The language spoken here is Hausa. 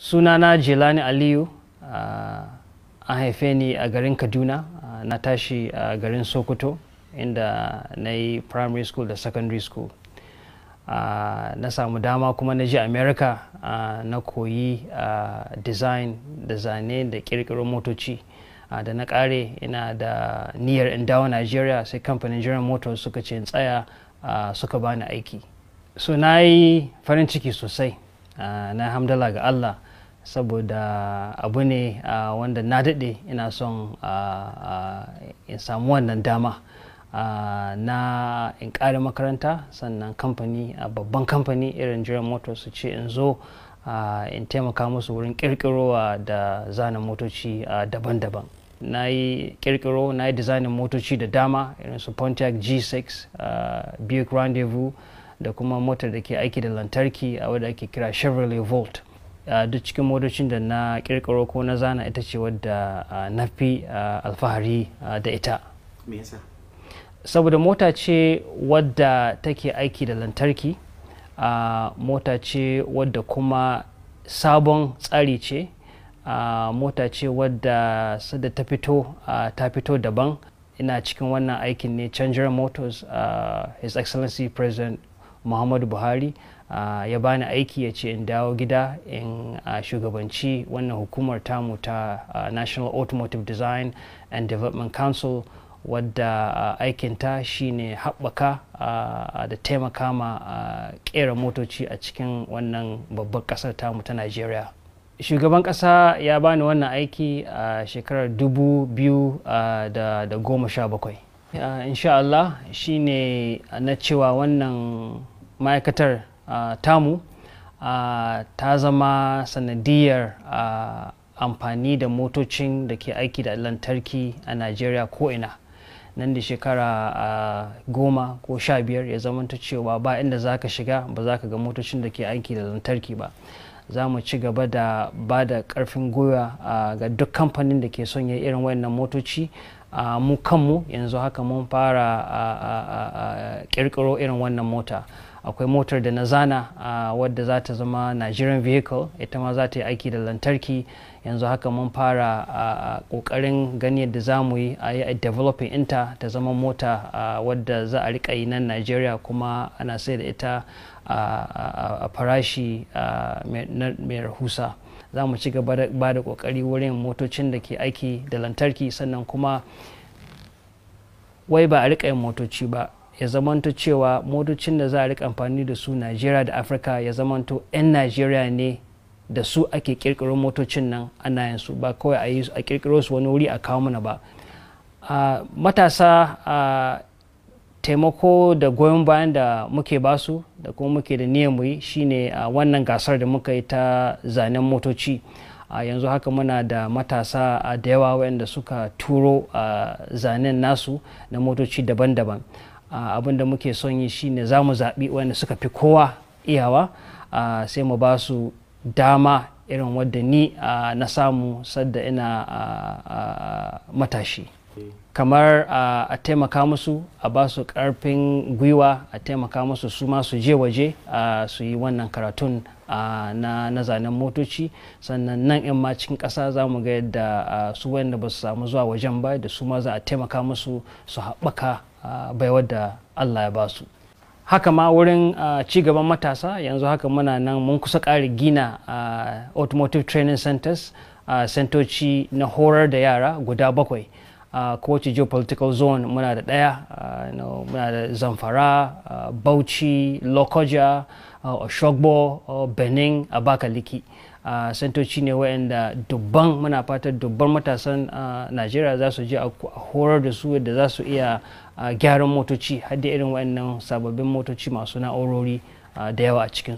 sunana jelani aliyu an haife ni a garin kaduna na tashi a garin sokoto inda na yi primary school da secondary school na samu dama kuma na ji america na koyi design da zane da kirkiro motoci da na kare ina da niyyar in dawo nigeria sai kamfanin jiran motors suka ce tsaya suka bani aiki so na yi farin ciki sosai na hamdala ga allah saboda abu ne wanda na daɗe ina son in samu wannan dama na in ƙare makaranta sannan kamfani babban kamfani irin jiran motar su ce in zo in taimaka musu wurin ƙirƙirowa da zanen motoci daban-daban na yi kirkiro na yi dizainin motoci da dama irin su pontiac g6 buick rendezvous da kuma motar da ke aiki da lantarki a wadda ake kira chevrolet volt Uh, duk cikin modocin da na kirkiro ko na zana ita ce wadda uh, na fi uh, alfahari da ita saboda mota ce wadda take aiki da lantarki mota ce wadda kuma sabon tsari ce mota ce wadda sada ta fito ta fito daban ina cikin wannan aikin ne changer motors his excellency president muhammadu buhari ya bani aiki ya ce in dawo gida in shugabanci wannan hukumar tamu ta national automotive design and development council wadda uh, aikinta shine haɓaka uh, da taimaka ma uh, ƙera motoci a cikin wannan babbar ƙasar tamu ta najeriya shugaban ƙasa ya bani wannan aiki a shekarar dubu biyu goma 2017 insha Allah shine na cewa wannan ma'aikatar tamu ta zama sanadiyar amfani da motocin da ke aiki da lantarki a najeriya ko'ina nan da shekara goma ko sha biyar ya zamanta cewa ba inda za ka shiga ba za ka ga motocin da ke aiki da lantarki ba za mu ci gaba da ba da karfin gwiwa ga duk kamfanin da ke son ya irin wayannan motoci mu kanmu yanzu haka mun fara kirkiro irin wannan mota. akwai motar da na zana wadda za ta zama nigerian vehicle ita ma za ta yi aiki da lantarki yanzu haka mun fara kokarin gani yadda za mu yi a yi developing inta ta zama mota wadda za a rika yi nan nigeria kuma ana sai da ita a farashi mai rahusa za mu ci gaba ba da kokari wurin motocin da ke aiki da lantarki sannan kuma wai ba a rika yin motoci ba ya zamanto cewa motocin da za a rika amfani da su najeriya da afirka ya zamanto 'yan najeriya ne da su ake kirkiro motocin nan ana yin ba kawai a kirkiro su wani wuri a kawo mana ba matasa a taimako da goyon bayan da muke basu da kuma muke da niyan mu yi shine a wannan gasar da muka yi ta zanen motoci a yanzu haka muna da matasa a da yawa waɗanda suka turo zanen nasu na motoci daban-daban abin da muke son yi shine za mu zaɓi wanda suka fi kowa iyawa sai mu ba su dama irin wadda ni na samu sadda ina matashi kamar a taimaka musu a ba su ƙarfin gwiwa a taimaka musu su ma je waje su yi wannan karatun na, zanen motoci sannan nan in ma cikin ƙasa za mu ga yadda su wanda ba su samu zuwa wajen ba da su ma za a taimaka musu su haɓaka baiwar da allah ya basu haka ma wurin ci gaban matasa yanzu haka muna nan mun kusa ƙari gina automotive training centers sentoci na horar da yara guda bakwai a kowace geopolitical zone muna da ɗaya muna da zamfara bauchi lokoja oshogbo benin abakaliki a santoci ne wayanda dubban muna fatan dubban matasan najeriya za su je a horar da su yadda za su iya gyaran motoci hadda irin wayannan sababbin motoci masu na'urori da yawa a cikin